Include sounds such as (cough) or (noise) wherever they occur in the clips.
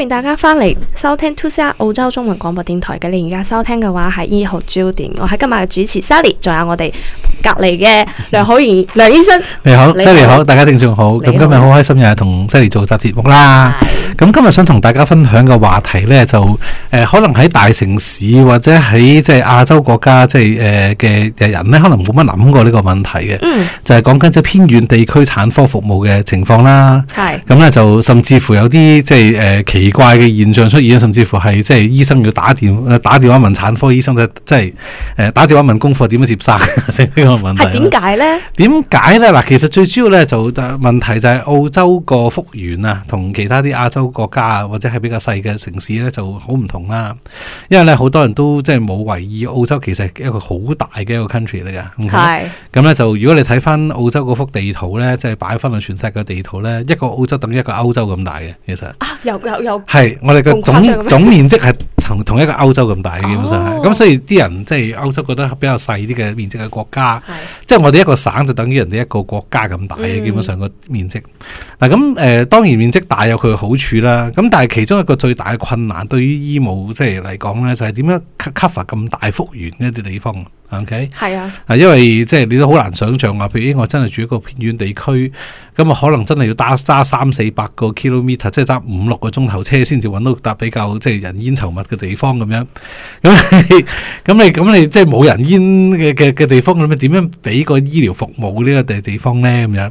歡迎大家翻嚟收聽 To w s i 澳洲中文廣播電台嘅。你而家收聽嘅話係醫學焦點，我係今日嘅主持 Sally，仲有我哋隔籬嘅梁浩然、嗯、梁醫生。你好，Sally 好，好大家正常好。咁好今日好開心又係同 Sally 做集節目啦。咁今日想同大家分享嘅話題咧，就誒、呃、可能喺大城市或者喺即係亞洲國家，就是，即係誒嘅嘅人咧，可能冇乜諗過呢個問題嘅。嗯，就係講緊即係偏遠地區產科服務嘅情況啦。係咁咧，就甚至乎有啲即係誒企奇怪嘅現象出現，甚至乎係即係醫生要打電打電話問產科醫生就即係誒打電話問功課點樣接生呢 (laughs) 個問題？點解咧？點解咧？嗱，其實最主要咧就問題就係澳洲個幅員啊，同其他啲亞洲國家啊，或者係比較細嘅城市咧就好唔同啦。因為咧好多人都即係冇懷疑澳洲其實係一個好大嘅一個 country 嚟噶。咁咧是就如果你睇翻澳洲嗰幅地圖咧，即係擺翻個全世界嘅地圖咧，一個澳洲等於一個歐洲咁大嘅，其實啊，係，我哋嘅總總面積係同同一個歐洲咁大嘅，基本上係。咁、oh. 所以啲人即係歐洲覺得比較細啲嘅面積嘅國家，即係 Yes. 我哋一個省就等於人哋一個國家咁大嘅、mm. 基本上個面積。嗱咁誒，當然面積大有佢嘅好處啦。咁但係其中一個最大嘅困難對於醫務即係嚟講咧，就係點樣 cover 咁大幅員一啲地方？Ok，係啊。因為即係、就是、你都好難想像啊。譬如我真係住一個偏遠地區，咁啊可能真係要揸揸三四百個 kilometer 即係揸五六個鐘頭。車先至揾到搭比較即係人煙稠密嘅地方咁樣，咁咁你咁你即係冇人煙嘅嘅嘅地方咁樣，點樣俾個醫療服務呢個地地方咧咁樣？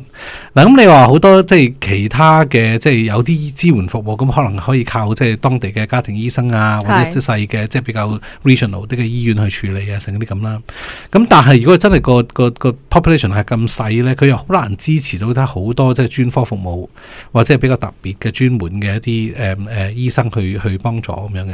嗱，咁你話好多即係其他嘅即係有啲支援服務，咁可能可以靠即係當地嘅家庭醫生啊，或者細嘅是即係比較 regional 啲嘅醫院去處理啊，成啲咁啦。咁但係如果真係個個個 population 係咁細咧，佢又好難支持到得好多即係專科服務或者係比較特別嘅專門嘅一啲誒。呃誒、呃，醫生去去幫助咁樣嘅，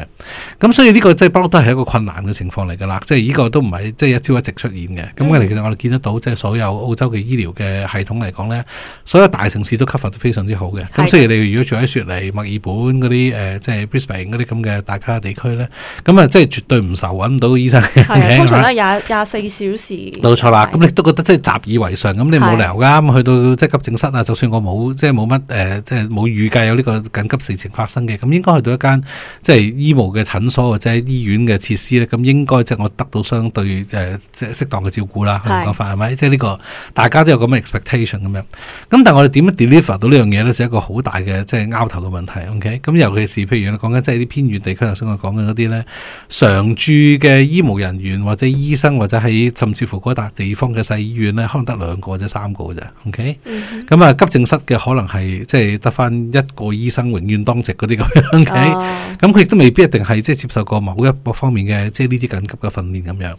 咁所以呢個即係不嬲都係一個困難嘅情況嚟噶啦，即係呢個都唔係即係一朝一夕出現嘅。咁其實我哋見得到，即係所有澳洲嘅醫療嘅系統嚟講咧，所有大城市都 cover 得非常之好嘅。咁的所以你如果住喺雪梨、墨爾本嗰啲誒，即係 Brisbane 嗰啲咁嘅大家地區咧，咁啊，即係絕對唔愁揾唔到醫生。係的 (laughs) 通常咧廿廿四小時。冇錯、啊、啦，咁的你都覺得即係習以為常，咁你冇理由噶，的去到即係急症室啊，就算我冇即係冇乜誒，即係冇預計有呢、呃、個緊急事情發生。咁應該去到一間即係醫務嘅診所或者醫院嘅設施咧，咁應該即係、就是、我得到相對即係、就是、適當嘅照顧啦。係咪講，係咪？即係呢個大家都有咁嘅 expectation 咁樣。咁但係我哋點樣 deliver 到呢樣嘢咧，就係、是、一個好大嘅即係撓頭嘅問題。OK，咁尤其是譬如咧講緊即係啲偏遠地區頭先我講緊嗰啲咧，常住嘅醫務人員或者醫生或者喺甚至乎嗰一笪地方嘅細醫院咧，可能得兩個或者三個嘅啫。OK，咁啊、嗯、急症室嘅可能係即係得翻一個醫生永遠當值。啲咁咁佢亦都未必一定係即係接受過某一個方面嘅即係呢啲緊急嘅訓練咁樣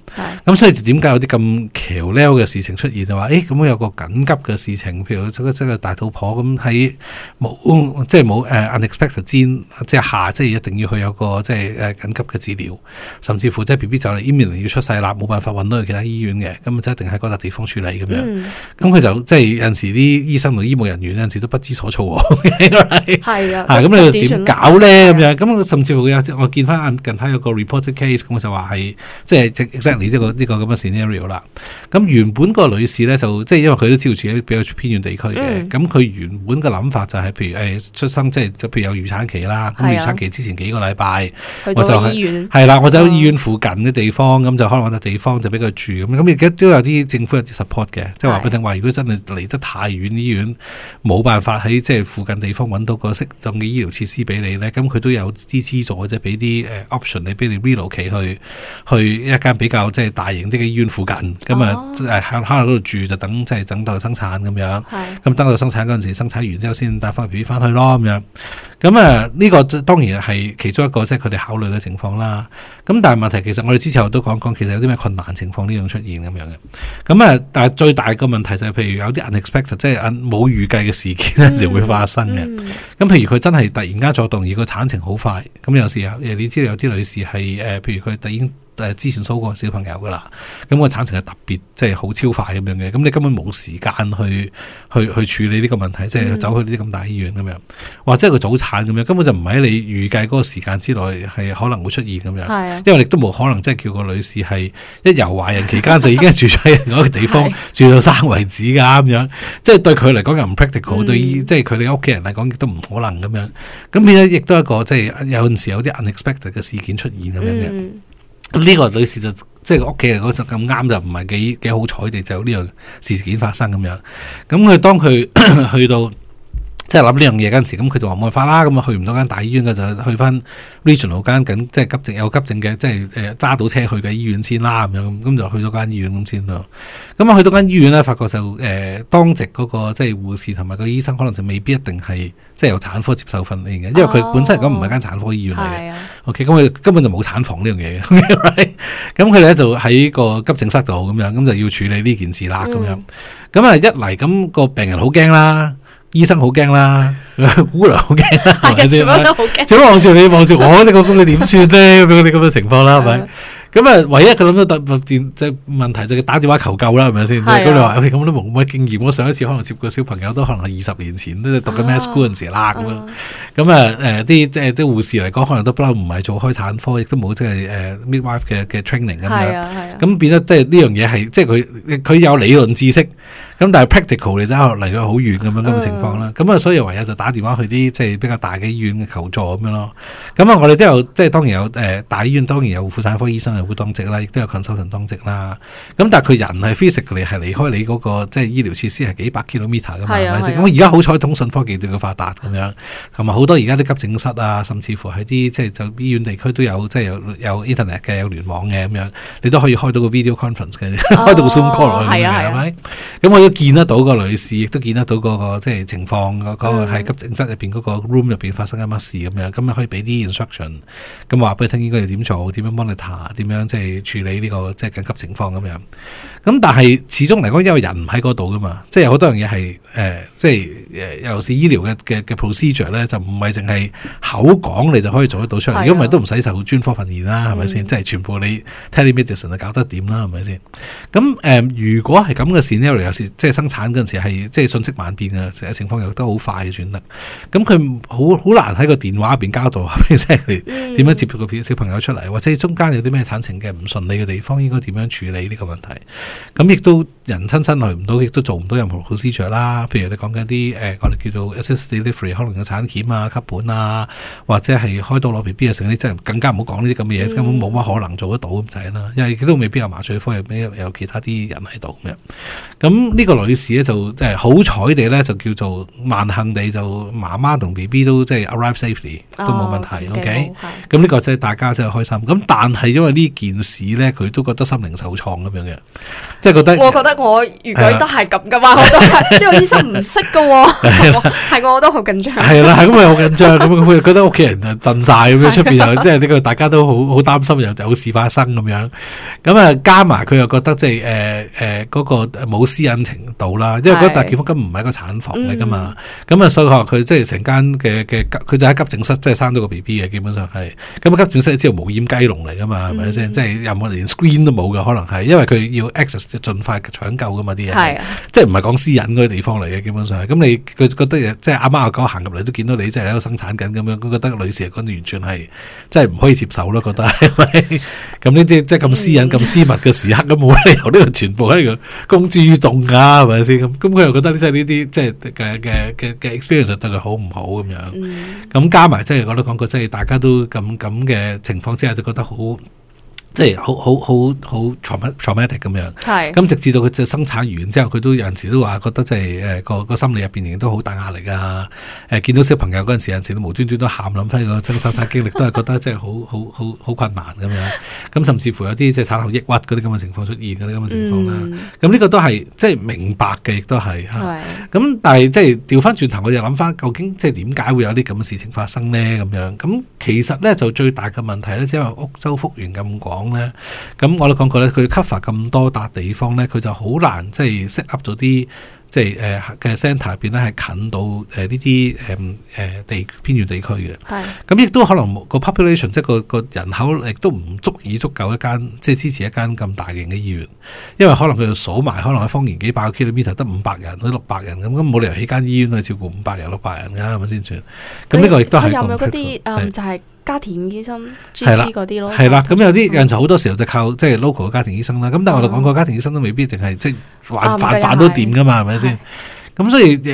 咁的所以點解有啲咁橋撓嘅事情出現就話，咁、哎，咁有個緊急嘅事情，譬如即真係大肚婆咁喺冇即係冇 unexpected 即係下即係一定要去有個即係誒緊急嘅治療，甚至乎即係 B B 走嚟，依面嚟要出世啦，冇辦法搵到其他醫院嘅，咁就一定喺嗰笪地方處理咁樣咁佢、嗯、就即係、就是、有陣時啲醫生同醫務人員有陣時都不知所措。係啊，咁你點？搞咧咁、嗯、樣，咁甚至乎有我見翻近排有個 report case，咁我就話係即係 exactly 即係呢個咁嘅、這個、scenario 啦。咁原本個女士咧就即係因為佢都照住喺比較偏遠地區嘅，咁佢、嗯、原本嘅諗法就係、是、譬如出生即係譬如有預產期啦，咁預產期之前幾個禮拜，我就喺係啦，我就喺醫院附近嘅地方，咁就可能搵個地方就俾佢住咁。咁而家都有啲政府有啲 support 嘅，即係話俾你聽話如果真係離得太遠，醫院冇是辦法喺即係附近地方揾到個適當嘅醫療設施。俾你咧，咁佢都有支資助嘅啫，俾啲誒 option 你俾你 reload 企去去，去一間比較即係大型啲嘅醫院附近，咁啊喺喺嗰度住就等即係等待生產咁樣，咁等到生產嗰陣，oh. 時生產完之後先帶翻 B B 翻去咯咁樣。咁啊，呢、嗯呢個當然係其中一個即係佢哋考慮嘅情況啦。咁但係問題其實我哋之前我都講講講其實有啲咩困難情況呢樣出現咁樣嘅。咁啊，但係最大嘅問題就係、是、譬如有啲 unexpected，即係冇預計嘅事件咧就會發生嘅。咁、嗯嗯、譬如佢真係突然間作動，而個產程好快，咁有時你知道有啲女士係譬如佢突然。之前收過小朋友㗎啦，咁、個產程係特別即係好超快咁樣嘅，咁你根本冇時間去去去處理呢個問題，即係走去呢啲咁大醫院咁樣，或者係個早產咁樣，根本就唔喺你預計嗰個時間之內係可能會出現咁樣，是啊、因為亦都冇可能即係叫個女士係一由懷孕期間就已經住咗喺嗰個地方 (laughs) 是、啊、住到生為止噶咁樣，即係對佢嚟講又唔 practical，嗯、對即係佢哋屋企人嚟講亦都唔可能咁樣，咁變咗亦都係一個即係有陣時有啲 unexpected 嘅事件出現咁樣。嗯咁呢個女士就即係屋企人嗰陣咁啱就唔係幾幾好彩地就呢樣事件發生咁樣，咁佢當佢 (coughs) (coughs) 去到。即係諗呢樣嘢嗰陣時，咁佢就話冇辦法啦，咁啊去唔到間大醫院嘅就去翻 Regional 間緊，即係急症有急症嘅，即係誒揸到車去嘅醫院先啦咁樣，咁就去咗間醫院咁先啦。咁啊去到間醫院咧，發覺就誒當值嗰個即係護士同埋個醫生，可能就未必一定係即係有產科接受訓練嘅，因為佢本身嚟講唔係間產科醫院嚟嘅。O K，咁佢根本就冇產房呢樣嘢嘅，咁佢哋咧就喺個急症室度咁樣，咁就要處理呢件事啦。咁、mm. 樣，咁啊一嚟咁個病人好驚啦。醫生好驚啦，姑娘好驚啦，係咪先？全部都好驚，望住 (laughs) 你，望住我，你你呢個咁嘅點算咧？咁 (laughs) 樣啲咁嘅情況啦，係咪？咁啊，唯一佢諗到特特電，即係問題就係佢打電話求救啦，係咪先？即係咁你話，咁都冇乜經驗，我上一次可能接過小朋友都可能係二十年前，咧讀緊咩 school 嗰陣時啦，咁樣咁啊，誒，啲即係啲護士嚟講，可能都不嬲唔係做開產科，亦都冇即係誒 midwife 嘅嘅 training 咁樣，咁變得即係呢樣嘢係，即係佢佢有理論知識。咁但係 practical 你真係離咗好遠咁樣咁嘅情況啦，咁啊、嗯、所以唯有就打電話去啲即係比較大嘅醫院求助咁樣咯。咁啊，我哋都有即係當然有、呃、大醫院當然有婦產科醫生係會當值啦，亦都有 consultant 當值啦。咁但係佢人係 physically 嚟，係離開你嗰、那個即係醫療設施係幾百 kilometer 噶嘛，係咪先吧？咁而家好彩通訊科技咁發達咁樣，同埋好多而家啲急症室啊，甚至乎喺啲即係就醫院地區都有即係有有 internet 嘅有聯網嘅咁樣，你都可以開到個 video conference 嘅，哦、 (laughs) 開到個 zoom call 落去、啊。係咪？咁都見得到個女士，亦都見得到嗰個即係情況，嗰個喺急症室入邊嗰個 room 入邊發生緊乜事咁樣，咁你可以俾啲 instruction，咁話俾佢聽應該要點做，點樣幫你查，點樣即係處理呢個即係緊急情況咁樣。咁但係始終嚟講，因為人唔喺嗰度噶嘛，即係好多樣嘢係誒，即係誒，尤其是醫療嘅嘅嘅 procedure 咧，就唔係淨係口講你就可以做得到出嚟，如果唔係都唔使受專科訓練啦，係咪先？即係全部你 telemedicine 就搞得掂啦，係咪先？咁誒，如果係咁嘅 scenario 有時。即係生產嗰陣時係，即係信息萬變啊！成日情況又都好快嘅轉得，咁佢好好難喺個電話入邊交代下邊聲嚟，點樣接住個小朋友出嚟，或者中間有啲咩產程嘅唔順利嘅地方，應該點樣處理呢個問題？咁亦都人親身來唔到，亦都做唔到任何好思卓啦。譬如你講緊啲誒，我哋叫做 assisted delivery，可能有產鉗啊、吸盤啊，或者係開刀攞 B B 嘅、啊、剩候，你真係更加唔好講呢啲咁嘅嘢，根本冇乜可能做得到咁滯啦。嗯、因為佢都未必有麻醉科，亦未必有其他啲人喺度咁樣。咁呢？呢個女士咧就即係好彩地咧，就叫做萬幸地，就媽媽同 B B 都即係 arrive safely，都冇問題。哦、OK，咁呢、嗯嗯、個即係大家真係開心。咁、嗯、但係因為呢件事咧，佢都覺得心靈受創咁樣嘅，即係覺得我覺得我、啊、如果都係咁嘅話，我都係呢個醫生唔識嘅喎，係我、啊啊啊、我都好緊張。係啦、啊，係咁咪好緊張。咁佢覺得屋企人就震晒咁樣，出邊又即係呢個大家都好好擔心，有有事發生咁樣，樣。咁啊加埋佢又覺得即係誒誒嗰個冇私隱情。到啦，因為嗰笪結婚根本唔係個產房嚟噶嘛，咁啊、嗯、所以話佢即係成間嘅嘅佢就喺急症室即係、就是、生咗個 B B 嘅，基本上係咁個急症室知道無掩雞籠嚟噶嘛，係咪先？即係有冇連 screen 都冇嘅，可能係因為佢要 access 盡快搶救噶嘛啲嘢，即係唔係講私隱嗰啲地方嚟嘅，基本上咁你佢覺得即係阿媽阿哥行入嚟都見到你即係喺度生產緊咁樣，覺得女士嚟講完全係即係唔可以接受咯，覺得係咪？咁呢啲即係咁私隱咁、嗯、私密嘅時刻，咁冇理由呢個全部喺度公之於眾噶。啊，係咪先咁？咁佢又覺得呢？即係呢啲即係嘅嘅嘅嘅 experience 對佢好唔好咁樣，咁、嗯、加埋即係我都講過，即係大家都咁咁嘅情況之下，就覺得好。即係好好好好 traumatic 咁樣，咁是直至到佢就生產完之後，佢都有陣時都話覺得即係誒個心理入面仍然都好大壓力噶。誒見到小朋友嗰陣時，有時都無端端都喊諗翻個生產經歷， (laughs) 都係覺得即係好好好好困難咁樣。咁甚至乎有啲即係產後抑鬱嗰啲咁嘅情況出現嗰啲咁嘅情況啦。咁呢、嗯、個都係即係明白嘅，亦都係咁但係即係調翻轉頭，我又諗翻究竟即係點解會有啲咁嘅事情發生呢？咁樣咁其實咧就最大嘅問題咧，即係澳洲幅員咁廣。咧，咁我都講過咧，佢 cover 咁多笪地方咧，佢就好難即係 set、呃、up 咗啲即係誒嘅 centre 入邊咧係近到誒呢啲誒誒地偏遠地,地區嘅。係是，咁亦都可能個 population 即係個個人口亦都唔足以足夠一間即係、就是、支持一間咁大型嘅醫院，因為可能佢要數埋，可能喺方圓幾百個 kilometer 得五百人，得六百人咁，咁冇理由起間醫院去照顧五百人六百人噶，係咪先算？咁呢個亦都係有冇啲就係。家庭醫生係啦，啲咯係啦，咁有啲人就好多時候就靠即係、就是、local 嘅家庭醫生啦。咁、嗯、但係我哋講過，家庭醫生都未必一定係即係反反反都掂㗎嘛，係咪先？的咁所以即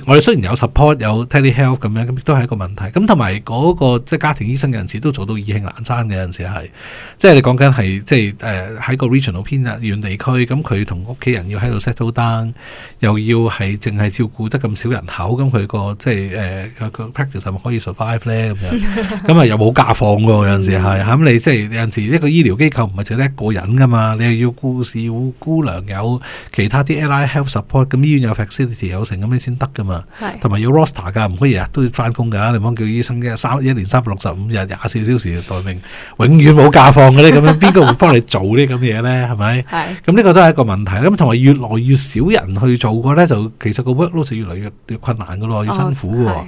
係我哋雖然有 support 有 telehealth 咁樣，咁亦都係一個問題。咁同埋嗰個即係家庭醫生嘅人士都做到意興闌珊嘅有陣時係，即係你講緊係即係喺、呃、個 regional 偏遠地區，咁佢同屋企人要喺度 settle down，又要係淨係照顧得咁少人口，咁佢、那個即係誒、呃、個 practice 係咪可以 survive 咧？咁咁啊又冇假放喎有陣時係，咁你即係有陣時一個醫療機構唔係凈得一個人噶嘛，你又要顧事要顧姑娘有其他啲 allied health support，咁醫院又有成咁樣先得㗎嘛，同埋要 roster 㗎，唔可以日日都要返工㗎。你唔好叫醫生一三一年三百六十五日廿四小時待命，永遠冇假放嘅咧。咁 (laughs) 樣邊個會幫你做啲咁嘢咧？係咪？咁呢個都係一個問題。咁同埋越來越少人去做嘅咧，就其實個 workload 就越嚟越，越困難㗎咯，越辛苦喎。哦。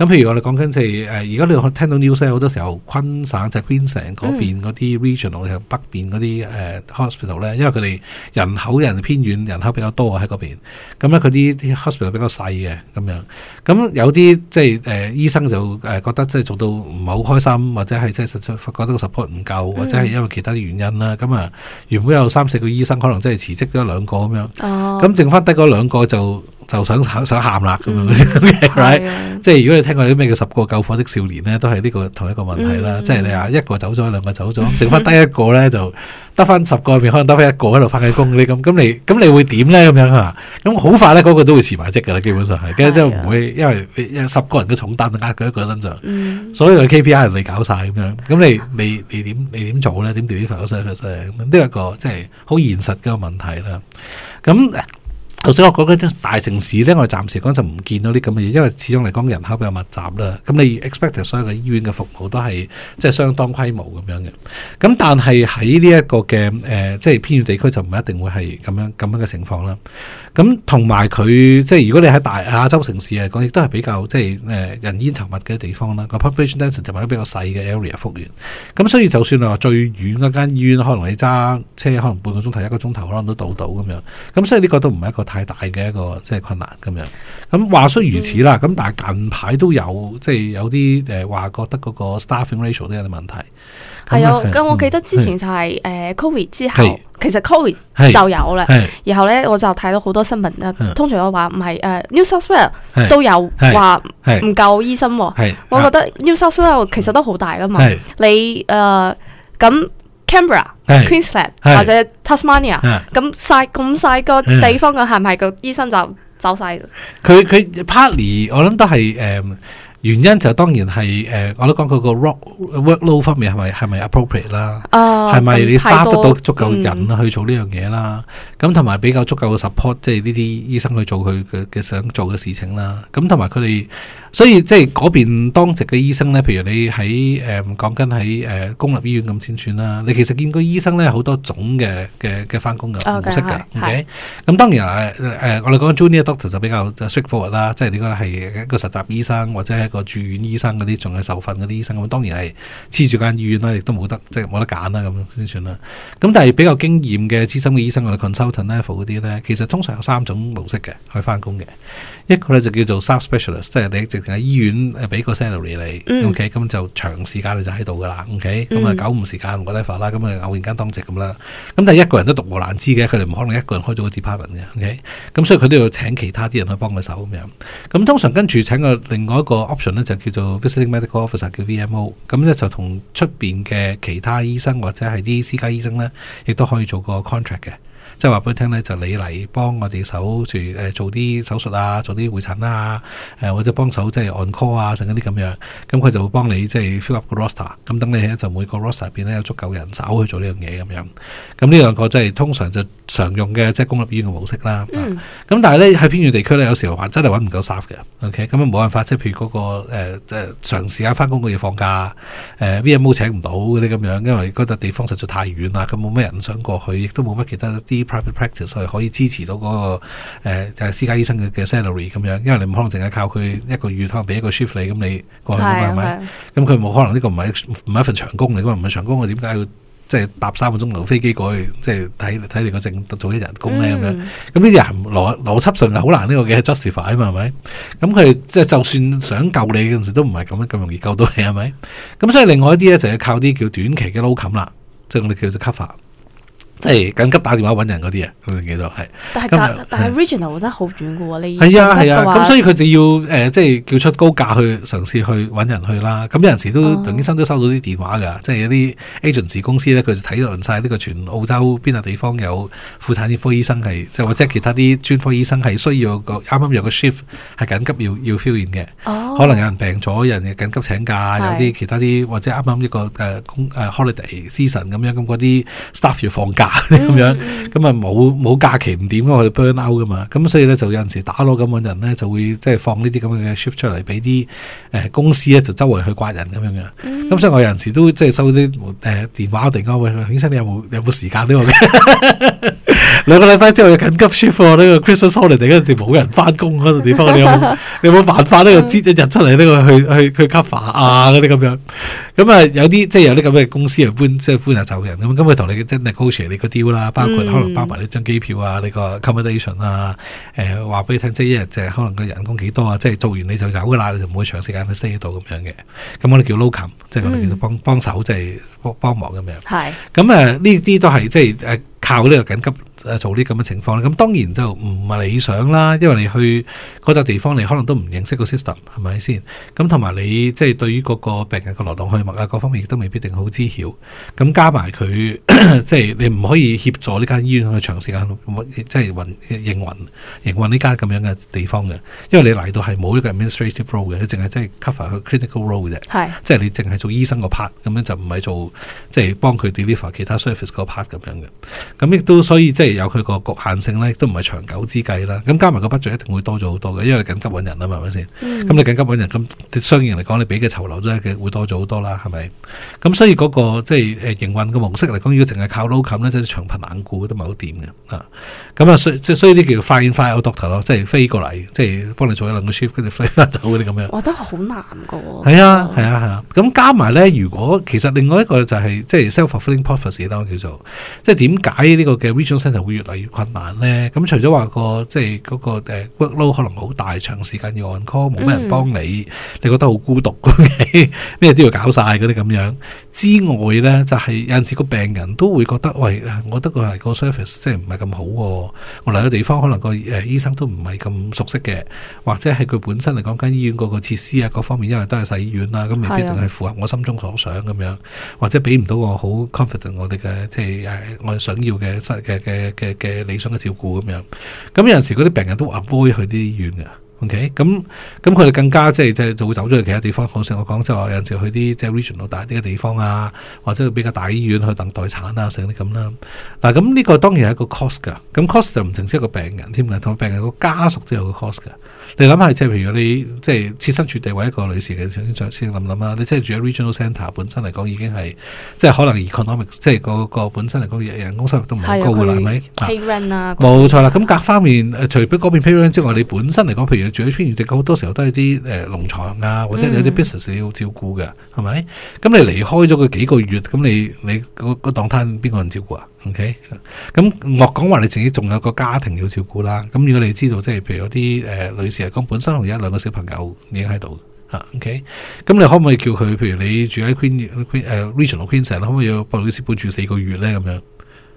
咁譬、嗯、如我哋講緊即係誒，而家你聽到 news 好多時候，昆省即係 Queensland 嗰邊嗰啲 regional、嗯、北邊嗰啲誒 hospital 咧，因為佢哋人口人偏遠，人口比較多喺嗰邊，咁、嗯、咧佢啲 hospital 比較細嘅咁樣咁、嗯、有啲即係醫生就誒覺得即係做到唔好開心，或者係即係覺得個 support 唔夠，嗯、或者係因為其他啲原因啦。咁、嗯、啊原本有三四個醫生，可能真係辭職咗兩個咁樣，咁、哦、剩翻得嗰兩個就。就想想喊啦，咁樣即係如果你聽過啲咩叫十個救火的少年咧，都係呢個同一個問題啦。即係你話，一個走咗，兩個走咗，剩翻低一個咧，就得翻十個入面可能得翻一個喺度翻緊工啲咁。咁、嗯、你咁你會點咧？咁樣啊？咁好快咧，嗰個都會辭埋職噶啦。基本上係，跟住即係唔會，因為十個人嘅重擔呃喺一個人身上，嗯、所以個 KPI 係你搞晒，咁樣。咁你你你點你點做咧？點調啲呢一個即係好現實嘅問題啦。咁。頭先我講嘅啲大城市咧，我暫時講就唔見到啲咁嘅嘢，因為始終嚟講人口比較密集啦，咁你 expect 所有嘅醫院嘅服務都係即係相當規模咁樣嘅，咁但係喺呢一個嘅誒、呃，即係偏遠地區就唔一定會係咁樣咁樣嘅情況啦。咁同埋佢即係如果你喺大亞洲城市嚟講，亦都係比較即係人煙稠密嘅地方啦。個 population density 同埋比較細嘅 area 復原，咁所以就算你話最遠嗰間醫院，可能你揸車可能半個鐘頭、一個鐘頭，可能都到到咁樣。咁所以呢個都唔係一個太大嘅一個即係困難咁樣。咁話雖如此啦，咁但係近排都有即係有啲誒話覺得嗰個 staffing ratio 都有啲問題。係啊，咁我記得之前就係 Covid 之後，其實 Covid 就有啦。然後咧，我就睇到好多新聞，通常我話唔係 New South Wales 都有話唔夠醫生。我覺得 New South Wales 其實都好大噶嘛，你誒，咁 Canberra、Queensland 或者 Tasmania 咁細咁個地方嘅，係唔係個醫生就走晒？佢佢 p a r t y 我諗都係原因就當然係誒，我都講佢個 work workload 方面係咪係咪 appropriate 啦？係咪、哦、你 start 多得到足夠人去做呢樣嘢啦？咁同埋比較足夠嘅 support，即係呢啲醫生去做佢嘅嘅想做嘅事情啦。咁同埋佢哋，所以即係嗰邊當值嘅醫生咧，譬如你喺誒講緊喺公立醫院咁先算啦。你其實見個醫生咧，好多種嘅嘅嘅返工嘅模式㗎。咁當然啦，我哋講 junior doctor 就比較 straightforward 啦，即係你覺得係一個實習醫生或者個住院醫生嗰啲，仲係受訓嗰啲醫生咁，當然係黐住間醫院啦，亦都冇得，即係冇得揀啦，咁先算啦。咁但係比較經驗嘅資深嘅醫生，我哋 consultant 咧、level 嗰啲咧，其實通常有三種模式嘅，去翻工嘅。一個咧就叫做 subspecialist，即係你直情喺醫院誒俾個 salary 你、嗯、OK，咁就長時間你就喺度噶啦，OK，咁啊、嗯嗯、九五時間我得發啦，咁啊偶然間當值咁啦。咁但係一個人都獨木難支嘅，佢哋唔可能一個人開咗個 department 嘅，OK，咁所以佢都要請其他啲人去幫佢手咁樣。咁通常跟住請個另外一個。就叫做 Visiting Medical Officer 叫 VMO，咁咧就同出邊嘅其他醫生或者係啲私家醫生咧，亦都可以做個 contract 嘅，即係話俾你聽咧，就你嚟幫我哋手住誒做啲手術啊，做啲會診啊，誒或者幫手即係 on call 啊，剩嗰啲咁樣，咁佢就會幫你即係 fill up 個 roster，咁等你咧就每個 roster 入邊咧有足夠人手去做呢樣嘢咁樣，咁呢兩個即係通常就，常用嘅即係公立醫院嘅模式啦，咁、嗯啊、但係咧喺偏遠地區咧，有時候還真係揾唔夠 staff 嘅，OK，咁啊冇辦法，即係譬如嗰、那個即誒、呃，長時間翻工佢要放假，誒、呃、VMO 請唔到嗰啲咁樣，因為嗰笪地方實在太遠啦，咁冇咩人想過去，亦都冇乜其他啲 private practice 可以支持到嗰、那個、呃、就係、是、私家醫生嘅 salary 咁樣，因為你唔可能淨係靠佢一個月可能俾一個 shift 你咁你過去㗎嘛，係咪對？咁佢冇可能呢、這個唔係唔係一份長工嚟㗎嘛，唔係長工我點解要？即係搭三個鐘頭飛機過去，即係睇睇你個證做啲人工咧咁、嗯、樣。咁呢啲人邏邏輯上就好難呢個嘅，justify 啊嘛係咪？咁佢即係就算想救你嗰陣時都唔係咁樣咁容易救到你係咪？咁所以另外一啲咧就係、是、靠啲叫短期嘅 locum 啦，即係我哋叫做 cover。即係緊急打電話揾人嗰啲是啊，我哋記得係。但係但係 regional 真係好遠嘅喎，你。係啊係啊，咁所以佢就要即係、呃、叫出高價去嘗試去揾人去啦。咁有陣時都梁醫、哦、生都收到啲電話㗎，即係有啲 agents 公司咧，佢就睇量晒呢個全澳洲邊個地方有婦產醫科醫生係，即係、哦、或者其他啲專科醫生係需要個啱啱有個 shift 係緊急要要 fill in 嘅。哦、可能有人病咗，有人緊急請假，哦、有啲其他啲或者啱啱一個、uh, holiday season 咁樣咁嗰啲 staff 要放假。咁 (laughs) 樣，咁啊冇冇假期唔點我哋 burn out 噶嘛，咁所以咧就有陣時打攞咁樣人咧，就會即係放呢啲咁嘅 shift 出嚟俾啲誒公司咧，就周圍去刮人咁樣嘅。咁所以我有陣時都即係收啲誒電話定開會，先生你有冇有冇時間咧？兩個禮拜之後要緊急 shift 呢、啊、個 Christmas holiday 嗰陣時冇人翻工嗰度地方，你有冇你有冇辦法呢？又接一日出嚟呢個去去去 cover 啊嗰啲咁樣。咁啊有啲即係有啲咁嘅公司嚟搬即係搬下走人咁，咁啊同你真係你嗰啲啦，包括可能包埋呢張機票啊，嗯、你個 accommodation 啊、呃，誒話俾你聽，即係一日即係可能嘅人工幾多啊，即係做完你就走㗎喇，你就唔會長時間去 stay 到咁樣嘅。咁我哋叫 locum，即係我哋叫做幫、嗯、幫手、呃，即係幫幫忙咁樣。係。咁誒，呢啲都係即係誒靠呢個緊急。誒做啲咁嘅情況咧，咁當然就唔係理想啦，因為你去嗰笪地方，你可能都唔認識個 system，係咪先？咁同埋你即係對於嗰個病人嘅來龍去脈啊，各方面亦都未必定好知曉。咁加埋佢 (coughs) 即係你唔可以協助呢間醫院去長時間即係運營運營運呢間咁樣嘅地方嘅，因為你嚟到係冇一個 administrative role 嘅，你淨係是即係 cover 佢 clinical role 啫。即係你淨係做醫生個 part，咁咧就唔係做即係幫佢 deliver 其他 service 嘅 part 咁樣嘅。咁亦都所以即係。有佢個局限性呢，都唔係長久之計啦。咁加埋個筆賬一定會多咗好多嘅，因為你緊急搵人啊嘛，係咪先？咁、嗯、你緊急搵人，咁對商人嚟講，你俾嘅酬勞都係會多咗好多啦，係咪？咁所以嗰、那個即係營運嘅模式嚟講，要淨係靠 locum 咧，即係長貧難顧都唔係好掂嘅咁啊，所以呢即係所以啲叫 fly-in fly-out doctor 咯，即係飛過嚟，即係幫你做一兩個 shift，跟住飛翻走嗰啲咁樣。哇，都係好難噶喎！係啊，係啊，咁、啊啊、加埋呢，如果其實另外一個就係、是、即係 self fulfilling prophecy 啦，叫做即係點解呢個嘅 regional centre？會越嚟越困難咧，咁除咗話個即係嗰個誒 workload 可能好大，長時間要按 call，冇咩人幫你，你覺得好孤獨，咩 (laughs) 都要搞晒嗰啲咁樣之外咧，就係、是、有陣時候個病人都會覺得，喂、哎，我覺得個係個 service 即係唔係咁好，我嚟嘅地方可能個誒醫生都唔係咁熟悉嘅，或者係佢本身嚟講間醫院嗰個設施啊，各方面因為都係細醫院啦，咁未必就係符合我心中所想咁樣，的或者俾唔到我好 confident、就是、我哋嘅即係誒我想要嘅嘅嘅嘅嘅理想嘅照顧咁樣，咁有陣時嗰啲病人都 avoid 去啲醫院嘅，OK？咁咁佢哋更加即係即係就會走咗去其他地方，好似我講就話有陣時去啲即係 regional 大啲嘅地方啊，或者比較大醫院去代等待產啊，成啲咁啦。嗱，咁呢個當然係一個 cost 噶，咁 cost 就唔淨止一個病人添嘅，同埋病人個家屬都有個 cost 噶。你諗下，即係譬如你即係設身處地為一個女士嘅，首先再先諗諗啊！你即係住喺 Regional Centre 本身嚟講，已經係即係可能 economic 即係、嗰個本身嚟講，人工收入都唔係高嘅啦，係咪 pay rent 啊，冇、啊、錯啦。咁隔方面除咗嗰邊 pay rent 之外，你本身嚟講，譬如你住喺偏遠地，好多時候都係啲誒農場啊，或者你有啲 business 要照顧嘅，係咪、嗯？咁你離開咗個幾個月，咁你你個個檔攤邊個人照顧啊？O K，咁我講話你自己仲有個家庭要照顧啦。咁如果你知道，即係譬如有啲誒女士係講，本身同一兩個小朋友已經喺度啊。O K，咁你可唔可以叫佢？譬如你住喺 Queen，Queen 誒、uh, regional 可唔可以幫女士搬住四個月咧？咁樣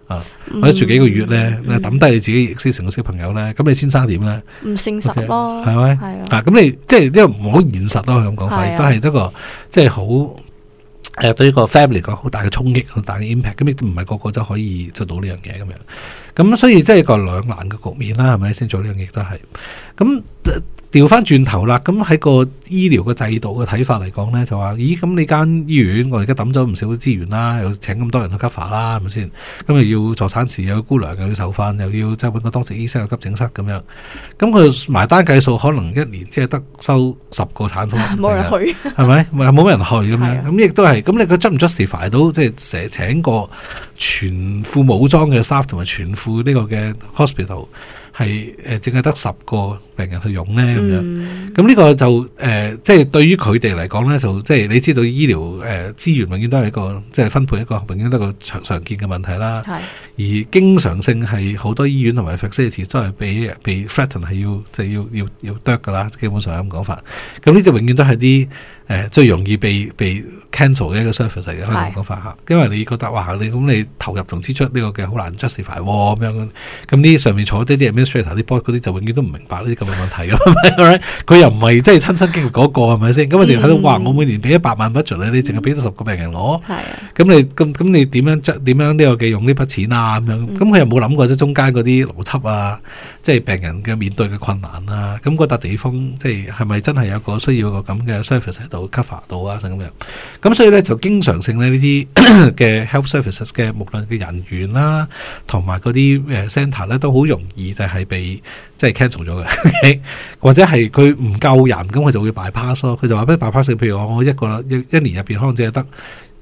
啊，嗯、或者住幾個月咧？嗯、你抌低你自己，先成個小朋友咧，咁你先生點咧？唔現實咯，係咪？咁你、啊、即係因為唔好現實咯，咁講法，都係得個即係好。係、呃、對呢個 family 嚟講好大嘅衝擊，好大嘅 impact。咁亦都唔係個個就可以做到呢樣嘢，咁樣，咁所以即係個兩難嘅局面啦，係咪先做呢樣嘢都係咁。調翻轉頭啦，咁喺個醫療嘅制度嘅睇法嚟講咧，就話咦，咁呢間醫院我而家抌咗唔少資源啦，又請咁多人去 cover 啦，係咪先？咁又要助產士，又要姑娘，又要手翻，又要即係揾個當值醫生有急症室咁樣。咁佢埋單計數可能一年即係得收十個產科，冇人去係咪？咪冇咩 (laughs) 人去咁樣？咁的亦都係。咁你個 justify 到，即係成日請個全副武裝嘅 staff 同埋全副呢個嘅 hospital。係誒，淨係得十個病人去用咧咁樣，咁呢、嗯、個就誒，即係對於佢哋嚟講咧，就即、是、係、就是、你知道醫療誒資源永遠都係一個即係、就是、分配一個，永遠都係個常常見嘅問題啦。係是而經常性係好多醫院同埋 facility 都係被被 threaten 係要即係、就是、要要要 drop 噶啦，基本上係咁講法。咁呢啲永遠都係啲誒最容易被被。cancel 嘅一個 service 嘅，香港講法，因為你覺得哇，你咁你投入同支出呢、這個嘅好難 justify 喎咁樣咁，上面坐啲啲 administrator 啲 board 嗰啲就永遠都唔明白呢啲咁嘅問題佢、 (laughs) right? 又唔係真係親身經歷嗰個係咪先？咁佢淨係睇到哇，嗯嗯、我每年俾一百萬 budget，你淨係俾咗十個病人攞，咁、啊、你咁咁你點樣呢用呢筆錢啊，咁咁佢又冇諗過即中間嗰啲邏輯啊，即、就、係、是、病人嘅面對嘅困難啦、啊。咁、那、笪、個、地方即係係咪真係有個需要一個咁嘅 service 喺度 cover 到啊？咁咁所以咧就經常性咧呢啲嘅 (coughs) health services 嘅無論嘅人員啦，同埋嗰啲誒 centre 咧都好容易就係被即係 cancel 咗嘅，就是、 (laughs) 或者係佢唔夠人，咁佢就會擺 pass 咯。佢就話不如擺 pass 譬如我一我一個一一年入面可能只係得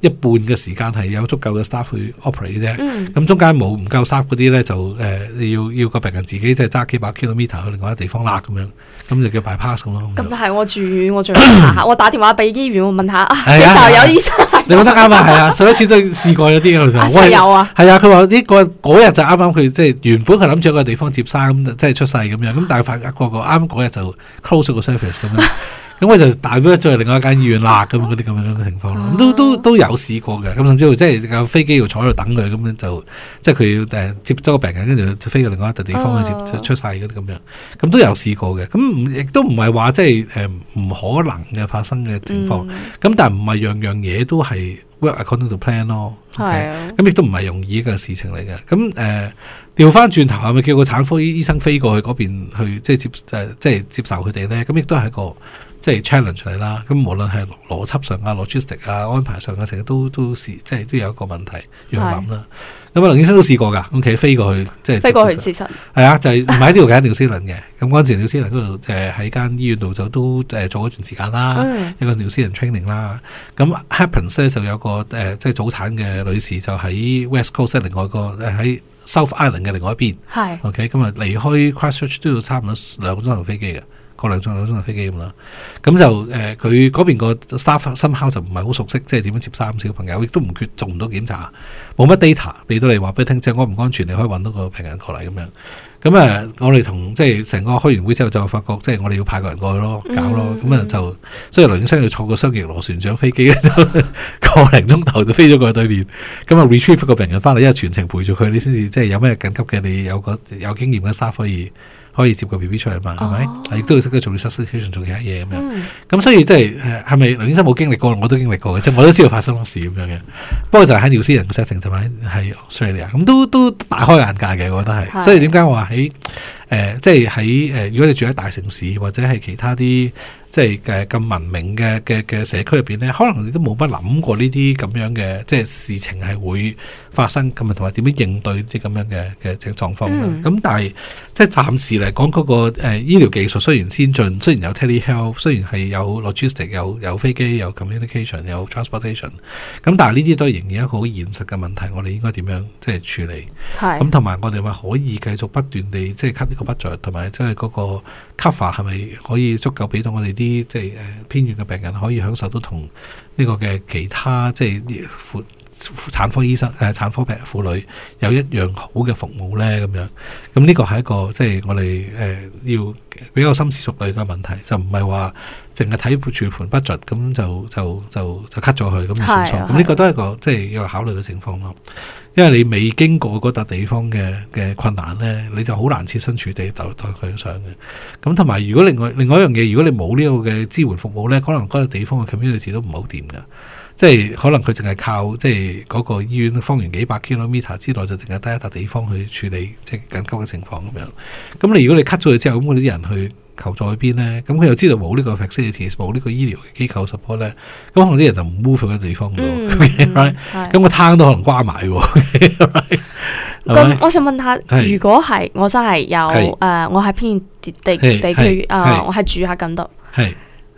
一半嘅時間係有足夠嘅 staff 去 operate 啫，咁、嗯、中間冇唔夠 staff 嗰啲咧就誒、呃、要要個病人自己即係揸幾百 kilometer 去另外一個地方啦咁樣，咁就叫 bypass 咯。咁就係我住院，我住院，咳咳我打電話俾醫院，我問下幾時候有醫生？啊。是啊、你冇得揀嘛？係 (laughs) 啊，上一次都試過有啲咁就，啊，就是、有啊，係啊，佢話呢個嗰日就啱啱佢即係原本佢諗住喺個地方接生，即係出世咁樣，咁但係發覺個個啱嗰日就 close 咗個 service 咁樣。啊。咁我就大不再另外一間醫院啦，咁樣嗰啲咁樣嘅情況咯，都都都有試過嘅。咁甚至乎即係有飛機要坐喺度等佢，咁樣就即係佢要接咗個病人，跟住就飛到另外一笪地方去、啊、接出世嗰啲咁樣，咁都有試過嘅。咁亦都唔係話即係唔可能嘅發生嘅情況。咁、嗯、但係唔係樣樣嘢都係 work according to plan 咯。係啊。咁亦都唔係容易嘅事情嚟嘅。咁誒調翻轉頭係咪叫個產科醫生飛過去嗰邊去即係接誒即係接受佢哋咧？咁亦都係一個。即係 challenge 嚟啦，咁無論係邏輯上啊、logistics 啊、安排上啊，成日都都是即係都有一個問題要諗啦。咁啊是，梁醫生都試過噶，咁、OK，企飛過去，即係飛過去，事實係啊，就係唔喺呢度嘅紐西蘭嘅。咁嗰陣紐西蘭嗰度，就喺、是、間醫院度就都、呃、做咗一段時間啦。Mm. 一個紐西蘭 training 啦。咁 happens 咧就有個、呃、即係早產嘅女士就喺 West Coast 另外一個喺 South Island 嘅另外一邊。係是 OK，咁、嗯、日離開 Christchurch 都要差唔多兩個鐘頭飛機嘅。個兩鐘兩頭飛機咁啦，咁就誒，佢嗰邊個 staff somehow 就唔係好熟悉，即係點樣接生，小朋友亦都唔缺做唔到檢查，冇乜 data 俾到你話俾你聽，即係安唔安全，你可以揾到個病人過嚟咁樣。咁啊、呃，我哋同即係成個開完會之後就發覺，即係我哋要派個人過去咯，搞咯。咁啊、mm hmm. 就，所以梁醫生要坐 (laughs) 個雙翼螺旋槳飛機，個零鐘頭就飛咗過去對面。咁啊 retrieve 個病人翻嚟，因為全程陪住佢，你先至即係有咩緊急嘅，你有個有經驗嘅 staff 可以。可以接個 B B 出嚟嘛？係咪？亦都會識得做啲 resuscitation 做其他嘢咁樣。咁、mm. 所以即係誒，係咪梁醫生冇經歷過？我都經歷過嘅，即係我都知道發生咗事咁樣嘅。 (laughs) 不過就喺澳洲人 setting 就係喺 Australia，咁都都大開眼界嘅，我覺得係。是所以點解我話喺誒，即係喺誒，如果你住喺大城市或者係其他啲即係誒咁文明嘅嘅嘅社區入邊咧，可能你都冇乜諗過呢啲咁樣嘅即係事情係會發生，咁啊同埋點樣應對啲咁樣嘅嘅隻狀況啦。咁、嗯、但係即係暫時嚟講、嗰個誒醫療技術雖然先進雖然有 telehealth，雖然係有 logistic 有有飛機有 communication，有 transportation，咁但係呢啲都係仍然一個好現實嘅問題我哋應該點樣即係處理？係。咁同埋我哋話可以繼續不斷地即係 cut 呢個 budget，同埋即係個 cover 係咪可以足夠俾到我哋？啲即係誒偏遠嘅病人可以享受到同呢個嘅其他即係啲寬。產科醫生誒產科病婦女有一樣好嘅服務咧，咁樣咁呢個係一個即係、就是、我哋誒、呃、要比較深思熟慮嘅問題，就唔係話淨係睇住盤不盡咁就就就就 cut 咗佢咁算數。咁呢的個都係一個即係、就是、要考慮嘅情況咯。因為你未經過嗰笪地方嘅嘅困難咧，你就好難設身處地就代佢想嘅。咁同埋如果另外另外一樣嘢，如果你冇呢個嘅支援服務咧，可能嗰個地方嘅 community 都唔好掂噶。即係可能佢淨係靠即係嗰個醫院，方圓幾百 kilometre 之內就淨係得一笪地方去處理即係緊急嘅情況咁樣。咁你如果你 cut 咗佢之後，咁我啲人去求助去邊咧？咁佢又知道冇呢個 facility，冇呢個醫療的機構 support 咧，咁可能啲人就唔 move 去其他地方度。咁個攤都可能關埋喎。咁 (laughs) 是我想問下，是如果係我真係有誒是、呃，我喺偏地是地區啊是、呃，我係住喺緊度。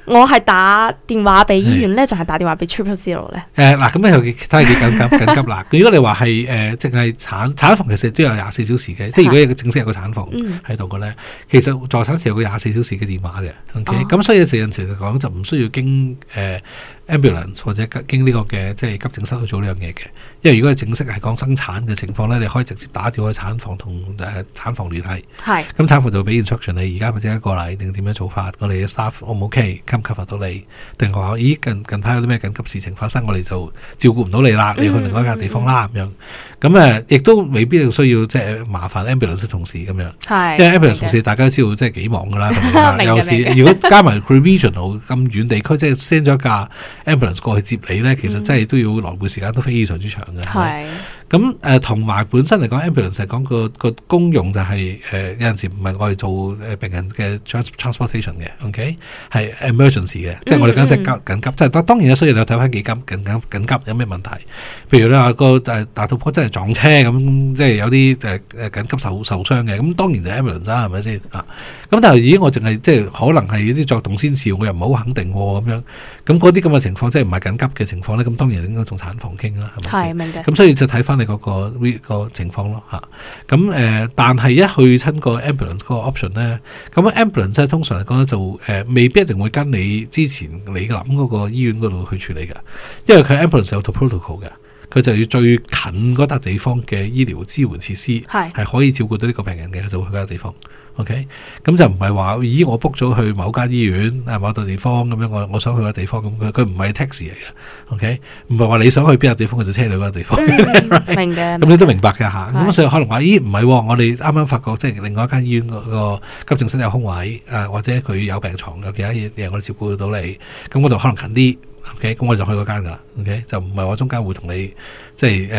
我係打電話俾醫院咧，就係是打電話俾 Triple Zero 咧。誒、啊，嗱，咁咧佢，佢都係幾緊急，緊 (laughs) 急啦。如果你話係誒，淨、呃、係產產房，其實都有廿四小時嘅。的即係如果一個正式有個產房喺度嘅咧，嗯、其實助產士有個廿四小時嘅電話嘅。OK，咁所以有陣時嚟講就唔需要經誒。呃 ambulance 或者經呢個嘅即係急症室去做呢樣嘢嘅，因為如果係正式係講生產嘅情況咧，你可以直接打電話去產房同誒、呃、產房聯繫。咁產婦就俾 instruction 你而家或者而家過嚟定點樣做法？我哋嘅 staff O 唔 O K？近唔近得到你？定話咦近近排有啲咩緊急事情發生，我哋就照顧唔到你啦，你去另外一間地方啦咁、嗯嗯、樣。咁誒，亦都未必需要即係麻煩 ambulance 同事咁樣。係是。因為 ambulance 同事大家都知道即係幾忙噶啦， (laughs) 的有時如果加埋佢 regional 咁遠地區，即係 send 咗一架。Ambulance 過去接你呢，其實真係都要來回時間都非常之長嘅。嗯咁、啊、同埋本身嚟講，ambulance 係講個個功用就係、是呃、有陣時唔係我哋做病人嘅 trans, transportation 嘅，OK 係 emergency 嘅，嗯、即係我哋緊急急緊急，即係、嗯嗯就是、當然需要以睇翻幾急緊急緊急，緊急，緊急有咩問題？譬如咧、那個誒大肚婆真係撞車咁，即係有啲誒誒緊急受受傷嘅，咁當然就 ambulance 啦，係咪先啊？咁、啊、但係咦，我淨係即係可能係啲作動先兆，我又唔好肯定喎、啊、咁樣。咁嗰啲咁嘅情況即係唔係緊急嘅情況咧？咁當然應該同產房傾啦，係咪先？咁所以就睇翻。你嗰個情況咯嚇，咁誒，但係一去親個 ambulance 嗰個 option 咧，咁 ambulance 即係通常嚟講咧就誒，未必一定會跟你之前你嗰個醫院嗰度去處理嘅，因為佢 ambulance 有套 protocol 嘅，佢就要最近嗰笪地方嘅醫療支援設施係是可以照顧到呢個病人嘅，就會去嗰笪地方。OK，咁就唔係話，咦？我 book 咗去某間醫院某度地方咁樣，我我想去個地方咁，佢佢唔係 taxi 嚟嘅，OK，唔係話你想去邊個地方，佢就車你嗰個地方。明嘅，咁、okay? 你都、嗯、 (laughs) 明白嘅嚇。咁 (laughs) 所以可能話，咦？唔係、哦，我哋啱啱發覺即係另外一間醫院個、嗰個急症室有空位、啊、或者佢有病床，有其他嘢，我哋照顧到你，咁嗰度可能近啲，OK，咁我就去嗰間噶啦，OK，就唔係話中間會同你。即係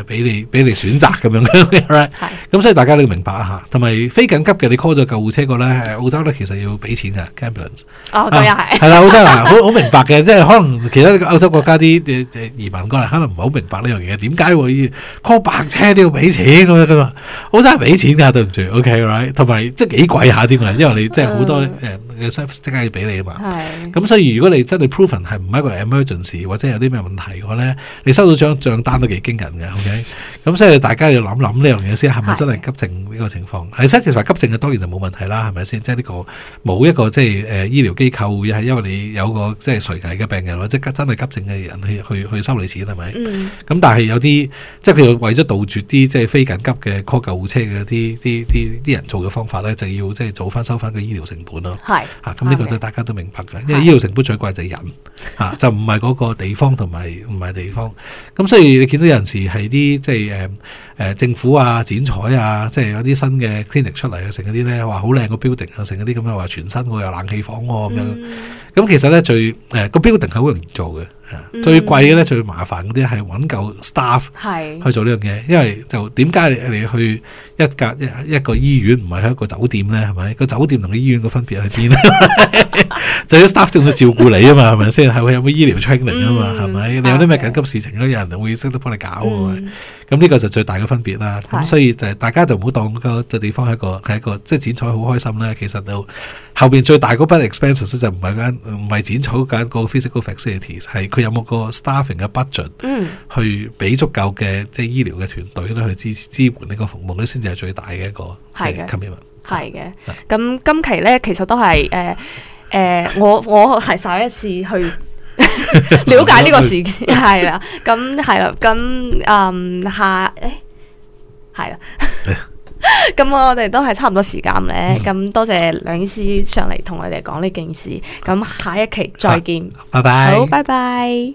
誒俾你俾你選擇咁樣樣咁、okay, right? 是所以大家都要明白啊吓，同埋非緊急嘅你 call 咗救護車個咧，澳洲咧其實要俾錢嘅 c a m p b e l l a n s 係、哦。係啦，好好、啊、 (laughs) 明白嘅，即係可能其他歐洲國家啲移民過嚟，可能唔係好明白呢樣嘢，點解 call 白車都要俾錢咁樣啊？澳洲係俾錢㗎，對唔住 OK 同埋即係幾貴下啲因為你，、嗯、因為你即係好多嘅即係要俾你啊嘛。咁是所以如果你真係 proven 係唔係一個 emergency 或者有啲咩問題個咧，你收到張帳，帳單都驚人嘅，OK，咁所以大家要諗諗呢樣嘢先，係咪真係急症呢個情況？係是，其實急症嘅，當然就冇問題啦，係咪先？即係呢個冇一個即係誒醫療機構，係因為你有個即係垂危嘅病人，或者真真係急症嘅人去去，去收你錢，係咪？咁、嗯、但係有啲即係佢為咗杜絕啲即係非緊急嘅 call 救護車嘅啲啲啲啲人做嘅方法咧，就要即係做翻收翻個醫療成本咯。係是啊，咁呢個就大家都明白嘅，是因為醫療成本最貴就係人、啊、就唔係嗰個地方同埋唔係地方。咁 (laughs) 所以你見到。有陣時係啲即係誒誒政府啊剪彩啊，即係有啲新嘅 clinic 出嚟啊，成嗰啲咧話好靚個 building 啊，成嗰啲咁樣話全新喎，又冷氣房喎咁樣，咁其實咧最誒個 building 係好容易做嘅。.嗯、最貴嘅咧，最麻煩嗰啲係揾夠 staff 去做呢樣嘢，是因為就點解你，你去一間一一個醫院唔係一個酒店咧？係咪？個酒店同個醫院嘅分別喺邊咧？ (laughs) (laughs) 就啲 staff 用嚟照顧你啊嘛，係咪先？係 (laughs) 有冇醫療 training 啊嘛、嗯？係咪？你有啲咩緊急事情咧？嗯、有人會識得幫你搞啊。咁呢個就最大嘅分別啦，咁的所以就係大家就唔好當個地方係一個係一個即係剪彩好開心啦。其實都後邊最大嗰筆 expenses 就唔係間唔係剪彩嗰個 physical facilities，係佢有冇個 staffing 嘅 budget 去俾足夠嘅即係醫療嘅團隊咧去支支援呢個服務咧，先至係最大嘅一個。係嘅的，係嘅的。咁的今期咧，其實都係、 (laughs) 呃、我我係第一次去。 (laughs) 了解呢個事件係啦，咁係啦，咁嗯下誒係啦，咁、哎、 (laughs) (laughs) 我哋都係差唔多時間咧，咁 (laughs) 多謝梁醫師上嚟同我哋講呢件事，咁下一期再見，啊、拜拜，好，拜拜。